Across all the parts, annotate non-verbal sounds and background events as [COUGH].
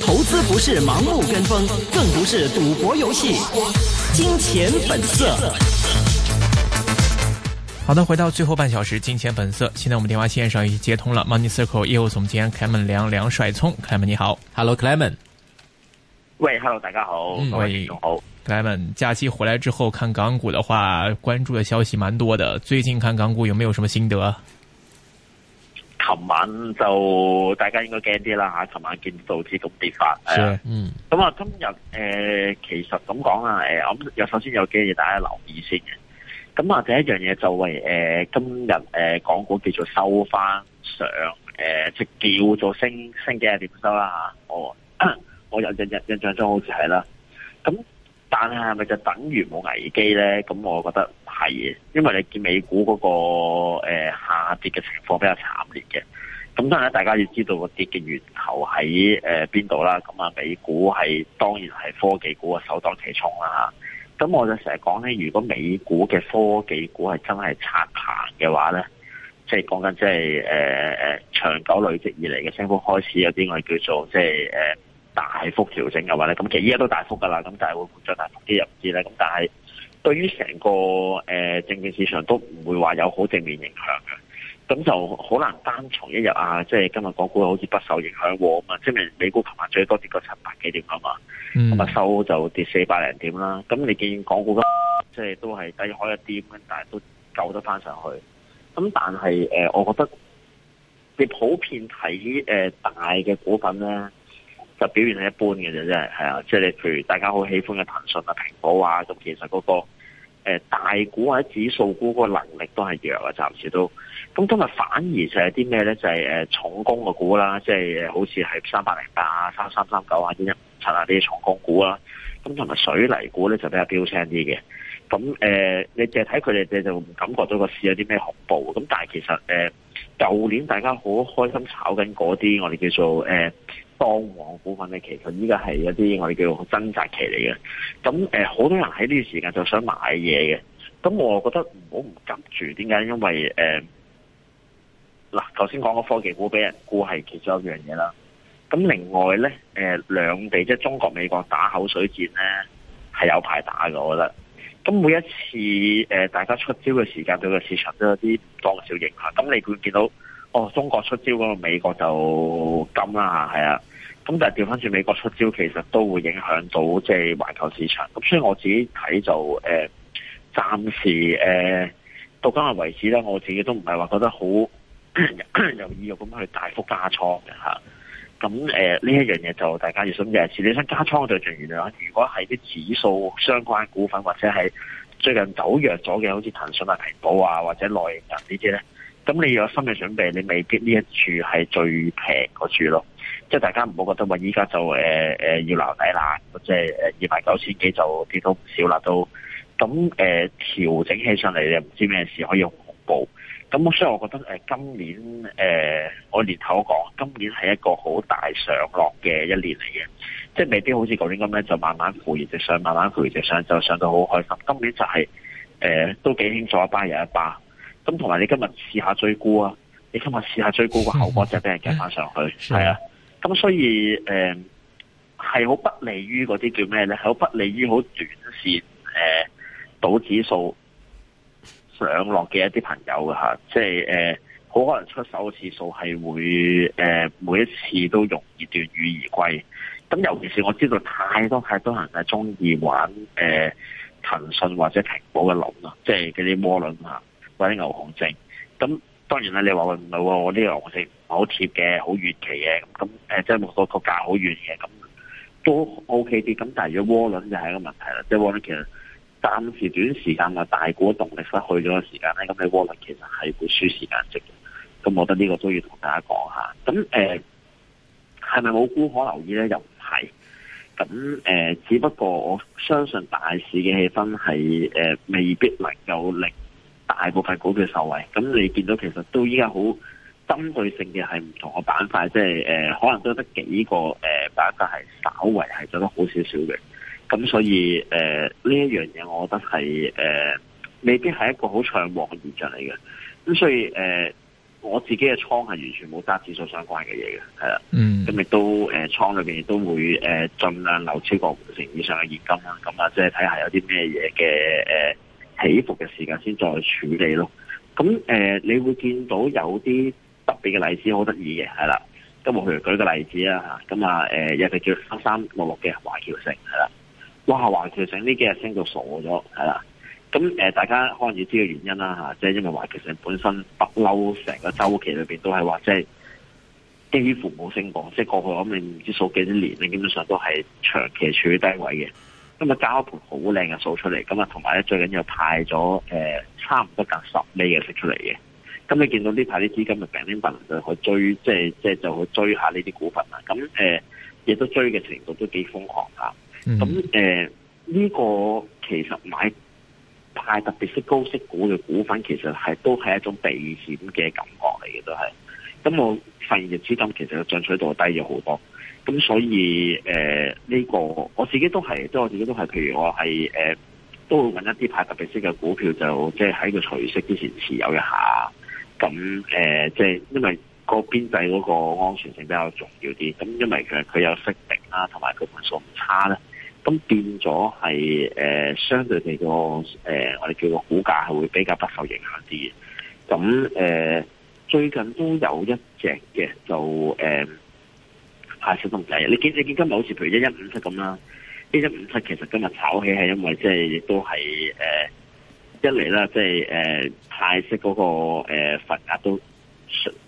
投資不是盲目跟風，更不是賭博遊戲。金錢本色。好的，回到最後半小時，《金錢本色》。現在我們電話綫上已經接通了，Money Circle 業務總監凱 a m n 梁梁帥聰凱 l a m n 你好，Hello 凱 l m n 喂，Hello 大家好，各位中午好 c l a m a n 假期回來之後看港股的話，關注的消息蠻多的。最近看港股有沒有什麼心得？琴晚就大家應該驚啲啦嚇，琴晚見到啲咁跌法，係啊，嗯，咁啊今日、呃、其實咁講啦，我有首先有幾樣嘢大家留意先嘅，咁啊第一樣嘢就係、是呃、今日誒、呃、港股叫做收翻上、呃、即叫做升升幾日點收啦、啊、我我有印印印象中好似係啦，咁但係咪就等於冇危機咧？咁我覺得。係嘅，因為你見美股嗰個下跌嘅情況比較慘烈嘅，咁當然大家要知道個跌嘅源頭喺邊度啦。咁啊，美股係當然係科技股嘅首當其衝啦。咁我就成日講呢，如果美股嘅科技股係真係刷盤嘅話呢，即係講緊即係長久累積以嚟嘅升幅開始有啲我哋叫做即係呃大幅調整嘅話呢。咁其實依家都大幅噶啦，咁但係會唔會再大幅啲又唔知呢，咁但係。對於成個誒證券市場都唔會話有好正面影響嘅，咁就好難單從一日啊，即係今日港股好似不受影響喎啊，即係美股琴日最多跌過七百幾點啊嘛，咁啊收就跌四百零點啦。咁你見港股咁，即係都係低開一啲咁，但係都救得翻上去。咁、啊、但係、呃、我覺得你普遍睇大嘅股份咧，就表現係一般嘅啫，啊，即係你譬如大家好喜歡嘅騰訊啊、蘋果啊，咁其實嗰、嗰個。誒、呃、大股或者指數股個能力都係弱啊，暫時都。咁今日反而就係啲咩咧？就係、是、誒、呃、重工嘅股啦，即、就、係、是、好似係三百零八啊、三三三九啊、二一七啊啲重工股啦。咁同埋水泥股咧就比較標青啲嘅。咁誒、呃，你淨係睇佢哋，你就唔感覺到個市有啲咩恐怖。咁但係其實誒，舊、呃、年大家好開心炒緊嗰啲，我哋叫做誒。呃當王股份嘅，其實依家係一啲我哋叫掙扎期嚟嘅，咁誒，好多人喺呢段時間就想買嘢嘅，咁我覺得唔好唔急住，點解？因為誒嗱，頭先講個科技股俾人估係其中一樣嘢啦，咁另外咧誒，兩地即係中國美國打口水戰咧係有排打嘅，我覺得。咁每一次誒、呃、大家出招嘅時間，對個市場都有啲當小影響。咁你會見到。哦，中國出招嗰個美國就咁啦嚇，係啊，咁但係調翻轉美國出招，其實都會影響到即係環球市場。咁所以我自己睇就呃，暫時呃到今日為止咧，我自己都唔係話覺得好 [COUGHS] 有意欲咁去大幅加倉嘅。咁呢一樣嘢就大家要小心嘅。如果你想加倉，就盡量啦。如果係啲指數相關股份或者係最近走弱咗嘅，好似騰訊啊、平保啊或者內銀呢啲咧。咁你有心理準備，你未必呢一處係最平嗰處咯。即係大家唔好覺得話依家就誒、呃呃、要留底啦即係、呃、二萬九千幾就跌到唔少啦都。咁誒、呃、調整起上嚟又唔知咩事，可以用恐怖。咁所以我覺得、呃、今年誒、呃、我年頭講今年係一個好大上落嘅一年嚟嘅，即係未必好似舊年咁咧，就慢慢扶搖直上，慢慢扶搖直上，就上到好開心。今年就係、是、誒、呃、都幾輕鬆一巴又一巴。一巴咁同埋你今日試下追沽啊！你今日試下追沽個後果，就係俾人夾翻上去，係、嗯嗯、啊！咁所以誒係好不利於嗰啲叫咩咧？好不利於好短線誒、呃、賭指數上落嘅一啲朋友啊！即係誒好可能出手嘅次數係會誒、呃、每一次都容易斷羽而歸。咁尤其是我知道太多太多人係中意玩誒騰訊或者蘋果嘅輪啊，即係嗰啲窩輪啊！或者牛熊證，咁當然啦！你話唔係喎，我呢、呃、個牛熊證好貼嘅，好遠期嘅，咁即係個個價好遠嘅，咁都 OK 啲。咁但係如果窩輪就係一個問題啦，即係窩輪其實暫時短時間啊，大股動力失去咗嘅時間呢，咁你窩輪其實係會輸時間值嘅。咁我覺得呢個都要同大家講下。咁、呃、係咪冇股可留意呢？又唔係。咁、呃、只不過我相信大市嘅氣氛係、呃、未必能夠令大部分股票受惠，咁你見到其實都依家好針對性嘅係唔同嘅板塊，即係誒可能都得幾個誒、呃、板塊係稍微係做得好少少嘅。咁所以誒呢一樣嘢，我覺得係誒、呃、未必係一個好暢旺嘅現象嚟嘅。咁所以誒、呃、我自己嘅倉係完全冇揸指數相關嘅嘢嘅，係啦，嗯，咁亦都誒倉、呃、裏邊亦都會誒盡量留超過五成以上嘅現金啦，咁啊即係睇下有啲咩嘢嘅誒。呃起伏嘅時間先再處理咯。咁誒、呃，你會見到有啲特別嘅例子好得意嘅，係啦。今我哋舉個例子啦吓，咁啊誒，有、啊、個叫三三六六嘅華僑城係啦。哇，華僑城呢幾日升到傻咗，係啦。咁、啊、誒，大家可能要知嘅原因啦吓、啊，即係因為華僑城本身不嬲，成個周期裏邊都係話即係幾乎冇升降。即係過去我未唔知數幾多年咧，你基本上都係長期處於低位嘅。今日交一盤好靚嘅數出嚟，咁啊，同埋咧，最緊要派咗，誒，差唔多隔十厘嘅息出嚟嘅。咁你見到呢排啲資金咪搵啲笨嘅去追，即係即係就去追一下呢啲股份啦。咁誒，亦都追嘅程度都幾瘋狂噶。咁誒、mm，呢、hmm. 個其實買派特別識高息股嘅股份，其實係都係一種避險嘅感覺嚟嘅，都係。咁我發現嘅資金其實個進取度低咗好多。咁所以，誒、呃、呢、這個我自己都係，即係我自己都係，譬如我係誒、呃、都會揾一啲派特別息嘅股票，就即係喺個除息之前持有一下。咁誒，即、呃、係、就是、因為個邊際嗰個安全性比較重要啲。咁因為其實佢有息定啦，同埋佢運數唔差咧。咁變咗係誒，相對地個誒、呃，我哋叫個股價係會比較不受影響啲嘅。咁誒、呃，最近都有一隻嘅就誒。呃派小生仔，你見你見今日好似譬如一一五七咁啦，一一五七其實今日炒起係因為即係亦都係誒、呃、一嚟啦、就是，即係誒泰式嗰、那個份、呃、額都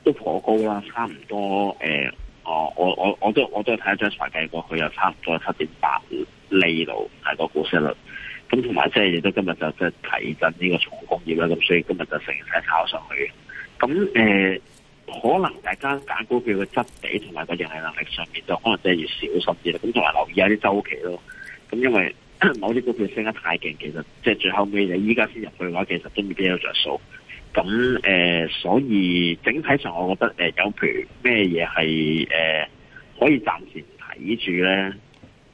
都頗高啦，差唔多誒、呃，我我我我都我都睇一張財計過去又差唔多七點八釐度係個股息率，咁同埋即係亦都今日就即係提振呢個重工業啦，咁所以今日就成日炒上去，咁誒。呃可能大家揀股票嘅質地同埋個盈利能力上面，就可能即係要小心啲啦，咁同埋留意下啲周期咯。咁因為某啲股票升得太勁，其實即係最後尾你依家先入去嘅話，其實都未必有着數。咁誒，所以整體上我覺得誒，有譬如咩嘢係誒可以暫時唔睇住咧？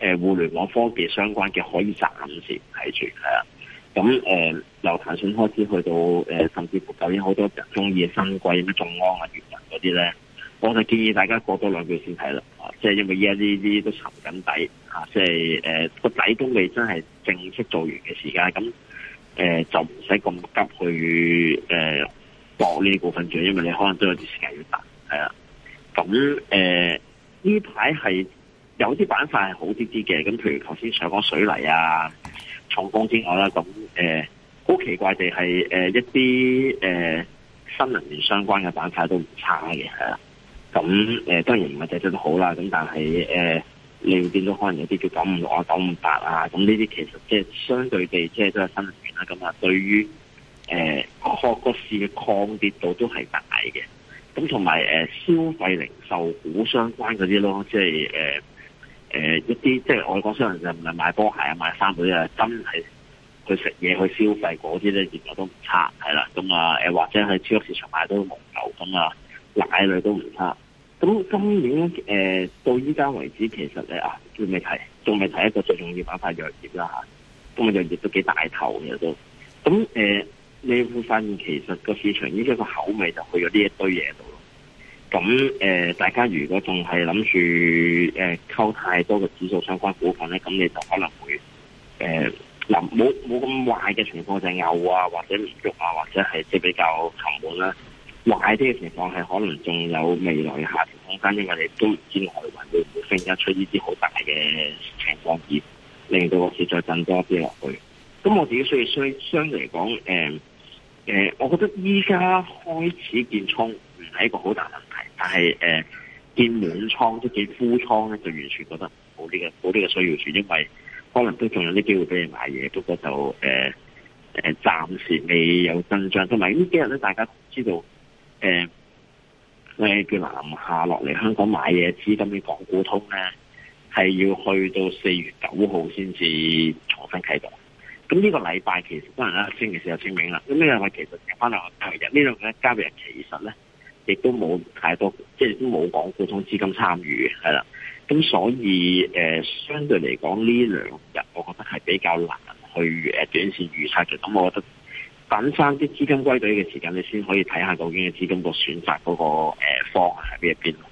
誒，互聯網方面相關嘅可以暫時唔睇住，係啊。咁誒、呃、由騰訊開始去到誒、呃，甚至乎舊年好多人中意嘅新貴咩眾安啊、粵人嗰啲咧，我就建議大家過多兩日先睇啦，即係因為依家呢啲都沉緊底、啊、即係誒個底都未真係正式做完嘅時間，咁誒、呃、就唔使咁急去誒博呢啲股份住，因為你可能都有啲時間要等，係啊。咁誒呢排係有啲板塊係好啲啲嘅，咁譬如頭先上講水泥啊。重工之外啦，咁誒好奇怪地係、呃、一啲誒、呃、新能源相關嘅板塊都唔差嘅，係啊。咁誒、呃、當然唔係隻隻都好啦，咁但係誒、呃、你會見到可能有啲叫九五六啊、九五八啊，咁呢啲其實即係相對地即係都係新能源啦。咁啊，對於誒各、呃、個市嘅抗跌度都係大嘅。咁同埋消費零售股相關嗰啲咯，即係誒。呃誒、呃，一啲即係我講，雖然就唔係買波鞋啊、買衫女啊，就是、真係去食嘢去消費嗰啲咧，原來都唔差，係啦。咁、嗯、啊，誒或者喺超級市場買到紅牛咁啊奶類都唔差。咁今年誒、呃、到依家為止，其實咧啊仲未睇，仲未睇一個最重要板塊藥業啦吓，咁啊藥業都幾大頭嘅都。咁誒、呃、你會發現，其實個市場依家個口味就去咗呢一堆嘢度。咁、呃、大家如果仲係諗住誒溝太多嘅指數相關股份咧，咁你就可能會誒嗱冇冇咁壞嘅情況就牛啊，或者連續啊，或者係即比較沉悶啦、啊。壞啲嘅情況係可能仲有未來嘅下跌空間，因為你都唔知內外會唔會出現一出呢啲好大嘅情況而令到個市再震多啲落去。咁我自己所以，所以相對嚟講，誒、呃呃、我覺得依家開始建倉唔係一個好大。但係，誒、呃，見滿倉都幾枯倉咧，就完全覺得冇呢、這個冇呢個需要住，因為可能都仲有啲機會俾你買嘢，不過就，誒、呃，誒，暫時未有增長，同埋呢幾日咧，大家都知道，誒、呃，誒，叫南下落嚟香港買嘢，資金嘅港股通咧，係要去到四月九號先至重新啟動，咁呢個禮拜其實可能啦，星期四又清明啦，咁呢樣嘢其實翻嚟我投入呢度嘅交易其實咧。亦都冇太多，即係都冇講普通資金參與，係啦。咁所以，誒、呃、相對嚟講呢兩日，我覺得係比較難去誒、呃、短線預測嘅。咁我覺得等翻啲資金歸隊嘅時間，你先可以睇下究竟嘅資金的選擇、那個選擇嗰個誒方向喺邊一邊咯。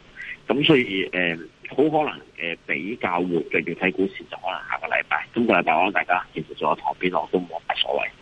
咁所以，誒、呃、好可能誒、呃、比較活嘅要睇股市，就可能下個禮拜、今個禮拜或者大家結束咗旁邊咯，我都冇大所謂。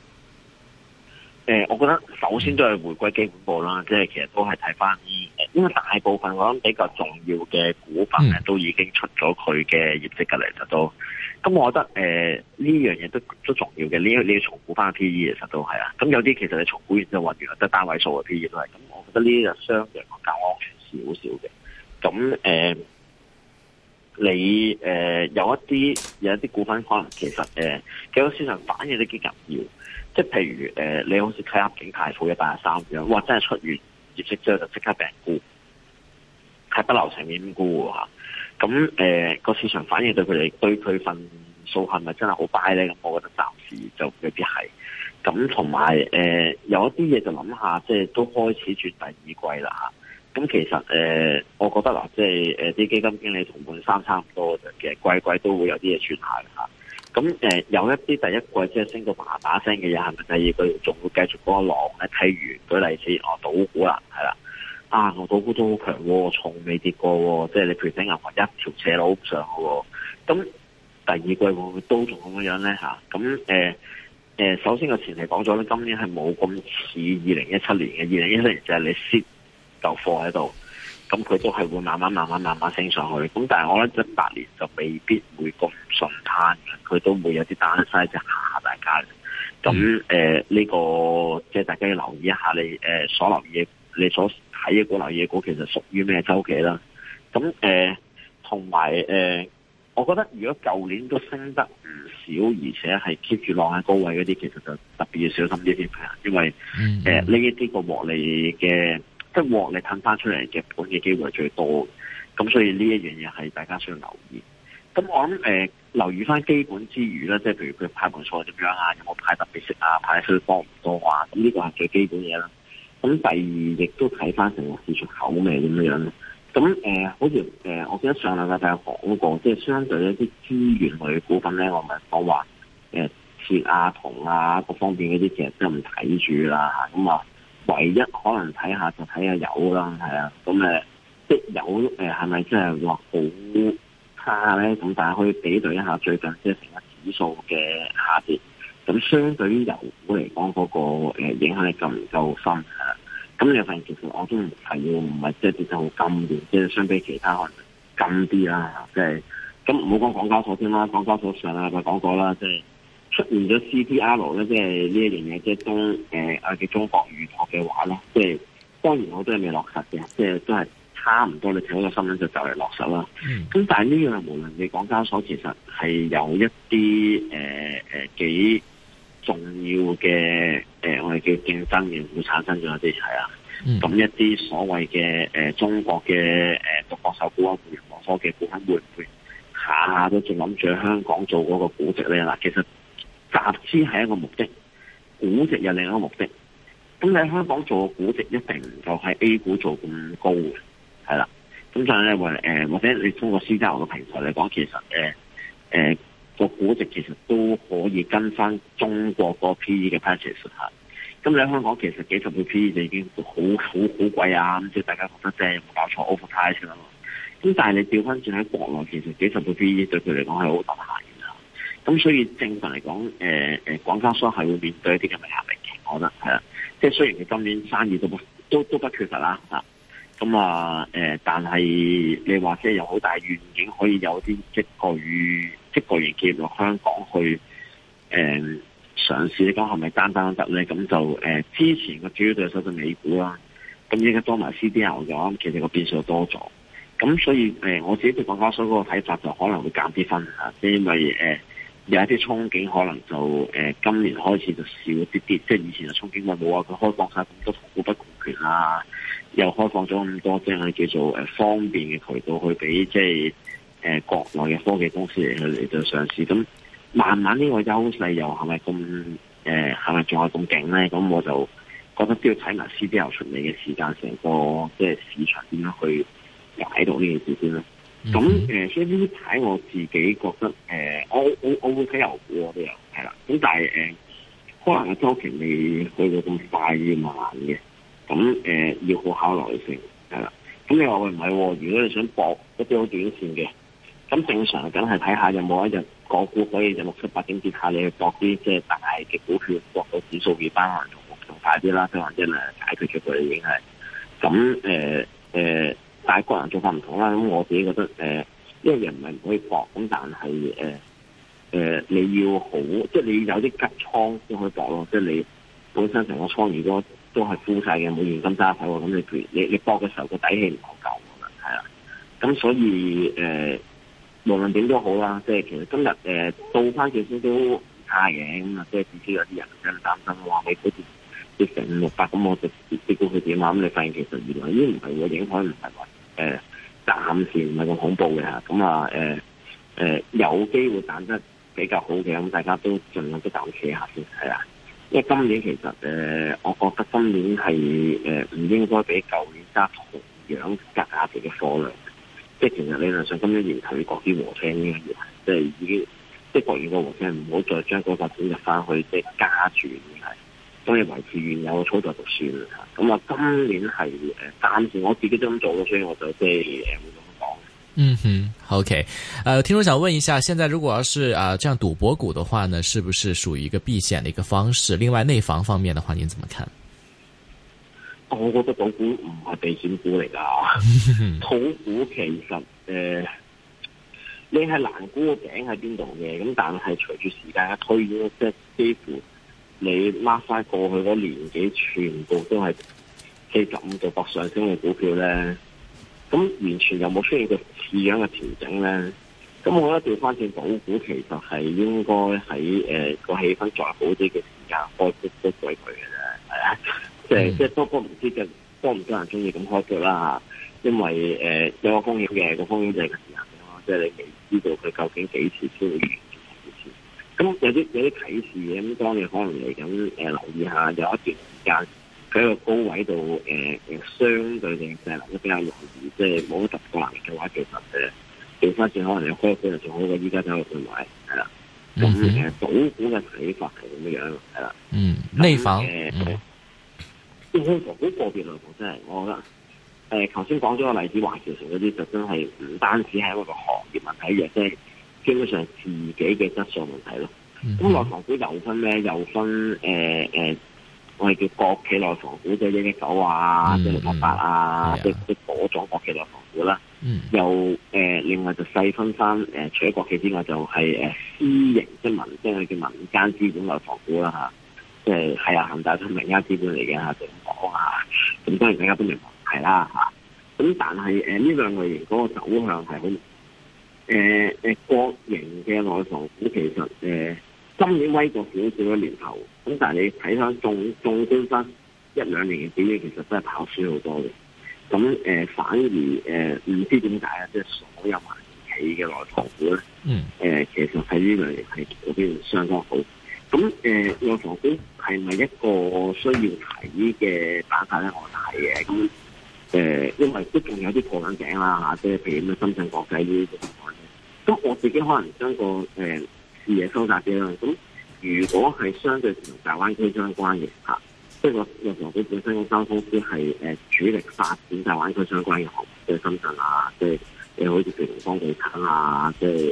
誒、呃，我覺得首先都係回歸基本步啦，即係其實都係睇翻，因為大部分我諗比較重要嘅股份咧都已經出咗佢嘅業績噶啦，其實都，咁、嗯、我覺得誒呢樣嘢都都重要嘅，呢呢要重估翻 P E，其實都係啊，咁有啲其實你重估完就穩咗，得單位數嘅 P E 都係，咁我覺得呢樣相對講較安全少少嘅，咁誒、呃，你誒、呃、有一啲有一啲股份可能其實誒，金、呃、融市場反應都幾緊要。即係譬如誒，你好似睇下景泰富嘅八十三樣，哇！真係出完業績之後就即刻病故，係不留情面咁沽吓。咁誒，個市場反應對佢哋對佢份數係咪真係好 buy 呢？咧？咁我覺得暫時就未必係。咁同埋誒有一啲嘢就諗下，即係都開始轉第二季啦吓。咁其實誒、呃，我覺得啦，即係誒啲基金經理同半三差唔多嘅，其實季季都會有啲嘢轉下嘅吓。咁誒、呃、有一啲第一季即係升到麻麻聲嘅嘢，係咪第二季仲會繼續嗰個浪咧？睇完舉例子，我港股啦，係啦，啊，個港股都好強喎、哦，從未跌過喎、哦，即係你譬如升入去一條斜路上嘅、哦、喎，咁第二季會唔會都仲咁樣咧嚇？咁誒誒，首先嘅前提講咗咧，今年係冇咁似二零一七年嘅，二零一七年就係你蝕舊貨喺度。咁佢都係會慢慢、慢慢、慢慢升上去。咁但係我覺得一八年就未必會咁順攤，佢都會有啲單曬就係嚇吓大家。咁誒呢個即係大家要留意一下你、呃、所留意你所睇嘅股、留意嘅股其實屬於咩周期啦。咁誒同埋誒，我覺得如果舊年都升得唔少，而且係 keep 住浪喺高位嗰啲，其實就特別要小心呢啲朋友，因為呢一啲個獲利嘅。即係獲利攤翻出嚟嘅，本嘅機會係最多，咁所以呢一樣嘢係大家需要留意。咁我諗誒、呃，留意翻基本之餘咧，即係譬如佢派盤數點樣啊，有冇派特別息啊，派去多唔多啊，咁呢個係最基本嘢啦。咁第二亦都睇翻成個市場口味咁樣樣、啊。咁誒、呃，好似誒、呃，我記得上兩日都有講過，即係相對一啲資源類嘅股份咧，我咪講話誒，鐵、呃、啊、銅啊，各方面嗰啲其實都唔睇住啦吓，咁啊。嗯唯一可能睇下就睇下油啦，係啊，咁誒即有，油誒係咪真係話好差咧？咁大家可以比對一下最近即係成個指數嘅下跌，咁相對於油股嚟講，嗰個影響力夠唔夠深啊？咁另外其實我都係唔係即係跌得好咁遠，即係相比其他可能跟啲啦，即係咁唔好講港交所先啦，港交所上就說過了啊，我講過啦，即係。出現咗 CDR 咧，即係呢一樣嘢，即係中誒我哋叫中國預託嘅話咧，即係當然我都係未落實嘅，即係都係差唔多。你睇嗰個新聞就就嚟落實啦。咁、嗯、但係呢樣無論你港交所，其實係有一啲誒誒幾重要嘅誒、呃，我哋叫競爭源會產生咗一啲係啊。咁、嗯、一啲所謂嘅誒、呃、中國嘅誒獨角獸股啊，金融科技股咧，會唔會下下都仲諗住喺香港做嗰個估值咧？嗱，其實集資係一個目的，估值又另一個目的。咁你喺香港做估值一定唔夠喺 A 股做咁高嘅，係啦。咁所以咧，或、呃、或者你通過私家樓嘅平台嚟講，其實誒誒、呃嗰個估值其實都可以跟翻中國個 P E 嘅 percentage 下。咁你喺香港其實幾十倍 P E 就已經好好好貴啊，咁即係大家覺得即係有冇搞錯？over 太㗎啦。咁但係你調翻轉喺國內，其實幾十倍 P E 對佢嚟講係好實咁所以正常嚟講，誒、呃、廣交所係會面對一啲嘅壓力嚟嘅，我覺得係啦。即係雖然佢今年生意都不都都不缺乏啦，咁啊誒，但係你話即係有好大願景可以有啲即個與即個型結落香港去嘗試、呃，你咁係咪單單得咧？咁就誒、呃、之前個主要對手就美股啦，咁依家多埋 C D R 咗，其實個變數多咗，咁所以、呃、我自己對廣交所嗰個睇法就可能會減啲分嚇，即係因為誒。呃有一啲憧憬，可能就誒、呃、今年開始就少啲啲，即係以前嘅憧憬我冇啊。佢開放曬咁多同股不同權啦、啊，又開放咗咁多即係叫做誒、呃、方便嘅渠道去俾即係誒、呃、國內嘅科技公司嚟去嚟到上市。咁慢慢呢個優勢又係咪咁，誒係咪仲有咁勁咧？咁我就覺得都要睇埋 CDL 出嚟嘅時間，成、那個即係市場點樣去解讀呢件事先啦。咁誒、mm hmm. 呃，所以呢啲牌我自己覺得誒、呃，我我我會睇牛股嘅又係啦，咁但係誒、呃，可能周期未去到咁快要慢嘅，咁誒、呃、要好考耐性係啦。咁你話我唔係，如果你想搏一啲好短線嘅，咁正常梗係睇下有冇一日港股可以有六七百點跌下，你去搏啲即係大嘅股票，搏到指數跌翻嚟仲大啲啦。咁啊真係解決咗佢已經係咁誒誒。但係各人做法唔同啦，咁我自己覺得，誒、呃，因為人唔係唔可以搏，咁但係，誒，誒，你要好，即係你有啲吉倉先可以搏咯，即係你本身成個倉如果都係沽晒嘅，冇現金揸手，咁你平，你你搏嘅時候個底氣唔夠噶啦，係啦，咁所以，誒、呃，無論點都好啦，即係其實今日，誒、呃，到翻只先都唔差嘅，咁啊，即係自己有啲人真擔心話你嗰段。成五六百咁，我就接跌到佢點啊。咁你發現其實原來已經唔係個影響不是，唔係話誒暫時唔係咁恐怖嘅嚇。咁啊誒誒有機會彈得比較好嘅，咁大家都盡量都等住下先係啊。因為今年其實誒、呃，我覺得今年係誒唔應該比舊年得同樣加價位嘅貨量。即係其實你又想今一年退年國資和聲呢樣嘢，即、就、係、是、已經即係、就是、國元個和聲唔好再將嗰個錢入翻去，即係加住。係。所以維持原有嘅操作就算咁啊，今年係誒，暫時我自己都咁做，所以我就即係誒會咁講。嗯哼，OK，誒、呃，聽眾想問一下，現在如果要是啊、呃，這樣賭博股的話呢，是不是屬於一個避險嘅一個方式？另外內房方面的話，您怎麼看？我覺得賭股唔係避險股嚟噶。賭 [LAUGHS] 股其實誒、呃，你係難估個頂喺邊度嘅，咁但係隨住時間嘅推移，即係幾乎。你拉晒過去嗰年幾，全部都係四十五度百上升嘅股票咧，咁完全又冇出現過似樣嘅調整咧，咁我覺得調翻轉港股其實係應該喺個、呃、氣氛再好啲嘅時間開腳都來佢嘅啫，係啊，即係即係、嗯、多哥唔知就多唔多人中意咁開腳啦，因為、呃、有個風險嘅，個風險就係個時間，即、就係、你未知道佢究竟幾時先會咁有啲有啲啟示嘅，咁當然可能嚟緊誒留意一下，有一段時間喺個高位度誒誒，相對性誒都比較容易，即係冇咁習慣嘅話，其實誒、呃、做翻轉可能有開股又仲好過依家就去買係啦。咁誒，港股嘅睇法係咁嘅樣？係啦那，嗯，內房，誒、呃，先從港股個別嚟講，真係我覺得誒，頭先講咗個例子，華僑城嗰啲就真係唔單止係一個行業問題嘅，即係。基本上自己嘅質素問題咯。咁、mm hmm. 內房股又分咧，又分誒誒、呃呃，我哋叫國企內房股，即一一九啊、即係六六八八啊，即係即係嗰種國企內房股啦。Mm hmm. 又誒、呃，另外就細分翻誒、呃，除咗國企之外就係，就係誒私營即係民間嘅叫民間資本內房股啦吓，即係係啊，恒大都係民間資本嚟嘅嚇，地王啊，咁當然大家都明白係啦嚇。咁但係誒呢兩類型嗰個走向係好。誒誒、呃，國營嘅內房股其實誒、呃，今年威過少少嘅年頭，咁但係你睇翻中中端一兩年嘅表現，其實真係跑輸好多嘅。咁誒，反而誒，唔知點解啊，即係所有民企嘅內房股咧，誒，其實喺呢兩年係表現相當好。咁誒，內房股係咪一個需要睇嘅打法嘅我睇。嘅、嗯？誒，因為畢竟有啲破眼鏡啦吓，即係譬如咁嘅深圳國際呢啲情況咧，咁我自己可能將個誒、呃、視野收窄啲啦。咁如果係相對同大灣區相關嘅吓，即、啊、係、就是、我入行佢本身嗰間公司係誒主力發展大灣區相關嘅項目，即、啊、係深圳啊，即係好似平方地產啊，即係誒誒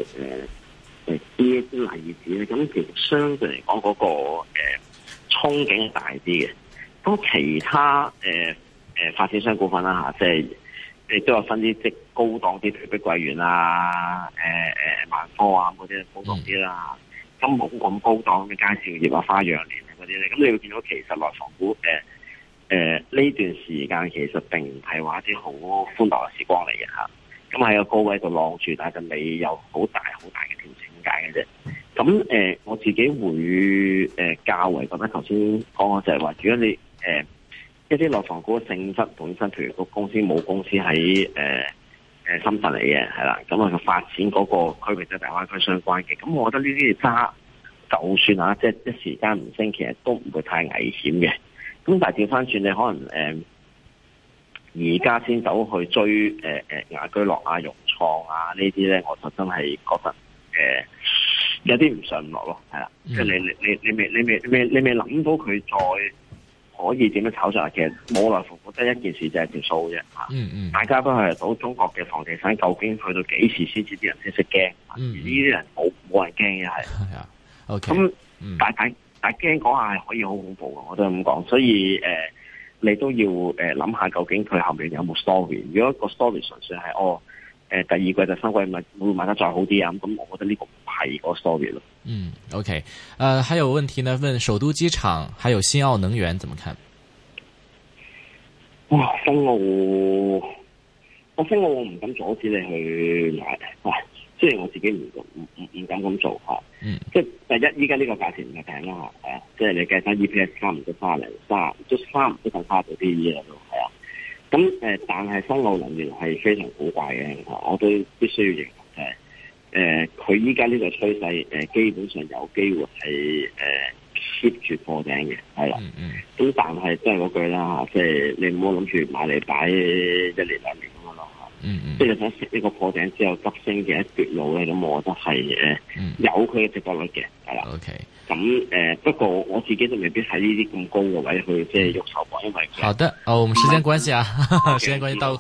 呢一啲例子咧。咁其實相對嚟講，嗰、那個誒、呃、憧憬大啲嘅。咁其他誒。呃誒，發展商股份啦吓，即係亦都有分啲即高檔啲，譬如碧桂園啊，誒誒萬科啊嗰啲普通啲啦，咁冇咁高檔嘅，佳兆業啊，花樣年啊嗰啲咧，咁你要見到其實內房股誒誒呢段時間其實並唔係話一啲好歡樂嘅時光嚟嘅吓，咁喺個高位度晾住，但係未有好大好大嘅調整界嘅啫。咁誒、呃，我自己會誒、呃、較為覺得頭先講過就係話，如果你誒。呃一啲內房股嘅性質本身，譬如個公司冇公司喺誒誒深圳嚟嘅，係啦，咁啊發展嗰個區域就大灣區相關嘅。咁我覺得呢啲揸就算啊，即係一時間唔升，其實都唔會太危險嘅。咁但係調翻轉，你可能誒而家先走去追誒誒雅居樂啊、融創啊這些呢啲咧，我就真係覺得誒、呃、有啲唔順落咯，係啦，嗯、即係你你你你未你未你未你未諗到佢再。可以點樣炒作？其實冇來無往，得一件事就係條數啫嚇，嗯嗯、大家都係到中國嘅房地產究竟去到幾時先至啲人先識驚？呢啲、嗯、人冇冇人驚嘅係。咁大大大驚講下係可以好恐怖嘅，我都係咁講。所以誒、呃，你都要誒諗下究竟佢後面有冇 story？如果個 story 純粹係哦。誒，第二季就三季咪會賣得再好啲啊！咁我覺得呢個係個 sorry 咯。嗯，OK，誒、呃，還有問題呢？問首都機場，還有新奧能源，怎麼看？哇，新奧，我新奧唔敢阻止你去買，哇！雖然我自己唔唔唔敢咁做吓，啊、嗯，即係第一，依家呢個價錢唔係平啦，即係你計翻 E P S 差唔多卅零卅，都差唔多成卅幾億嚟咯。咁誒、呃，但係新老能源係非常古怪嘅，我都必須要認同，誒、呃，佢依家呢個趨勢誒，基本上有機會係誒 keep 住破頂嘅，係、mm hmm. 啦。咁但係都係嗰句啦，即係你唔好諗住買嚟擺一年兩年。嗯，嗯，即係想食呢個破頂之後急升嘅一段路咧，咁我覺得係誒有佢嘅值博率嘅，係啦、嗯。O K，咁誒，不過我自己都未必喺呢啲咁高嘅位去即係喐手，因為好的，哦，我們時間關係啊，Okay. 時間關係到。